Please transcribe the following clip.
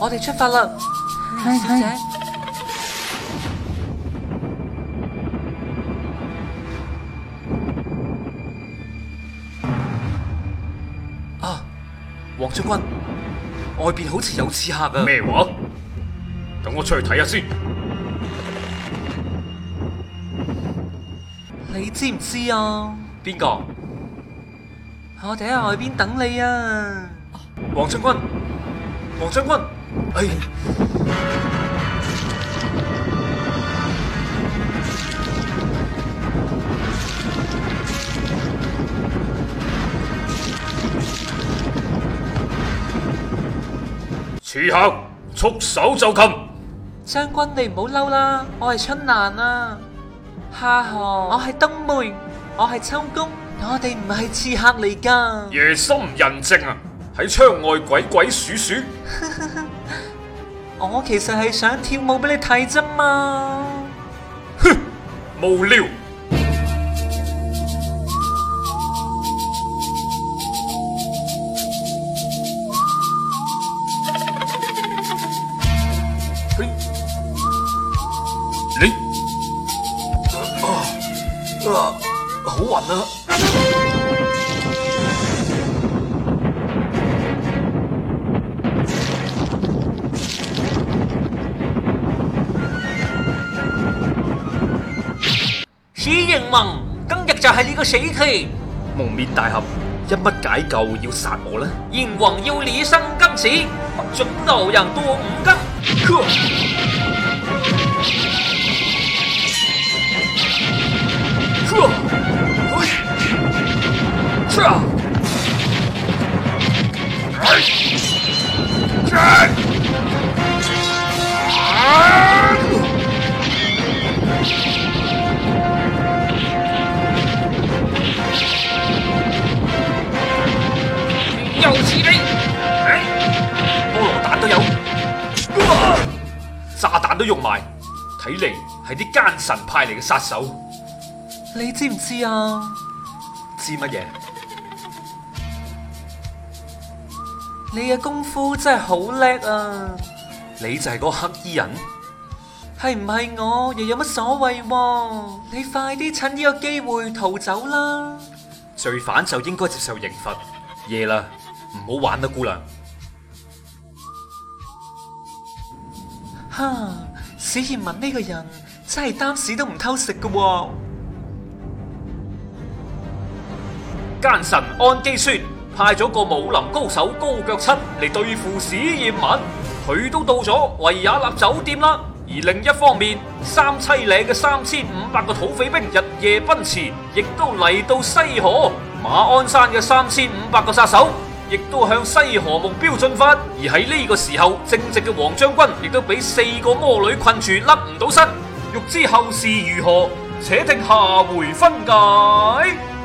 我哋出發啦，小姐。啊，黃將軍，外邊好似有刺客啊。咩話？等我出去睇下先。你知唔知啊？邊個？我哋喺外邊等你啊，黃將軍。王將軍，哎！刺客，束手就擒！將軍你唔好嬲啦，我係春蘭啊，夏荷，我係冬梅，我係秋公，我哋唔係刺客嚟噶，夜深人靜啊，喺窗外鬼鬼祟祟，我其實係想跳舞俾你睇啫嘛。哼，無聊。嚟嚟，啊啊，好暈啊！死閻王，今日就係你個死期！蒙面大俠，因乜解救要殺我呢？閻王要你三更死，不准留人到五更。都用埋，睇嚟係啲奸臣派嚟嘅殺手。你知唔知啊？知乜嘢？你嘅功夫真係好叻啊！你就係嗰個黑衣人？係唔係我又有乜所謂？你快啲趁呢個機會逃走啦！罪犯就應該接受刑罰。夜啦，唔好玩啦，姑娘。哈！史艷文呢個人真係擔屎都唔偷食噶、啊，奸臣安基孫派咗個武林高手高腳七嚟對付史艷文，佢都到咗維也納酒店啦。而另一方面，三妻嶺嘅三千五百個土匪兵日夜奔馳，亦都嚟到西河馬鞍山嘅三千五百個殺手。亦都向西河目標進發，而喺呢個時候，正直嘅黃將軍亦都俾四個魔女困住，甩唔到身。欲知後事如何，且聽下回分解。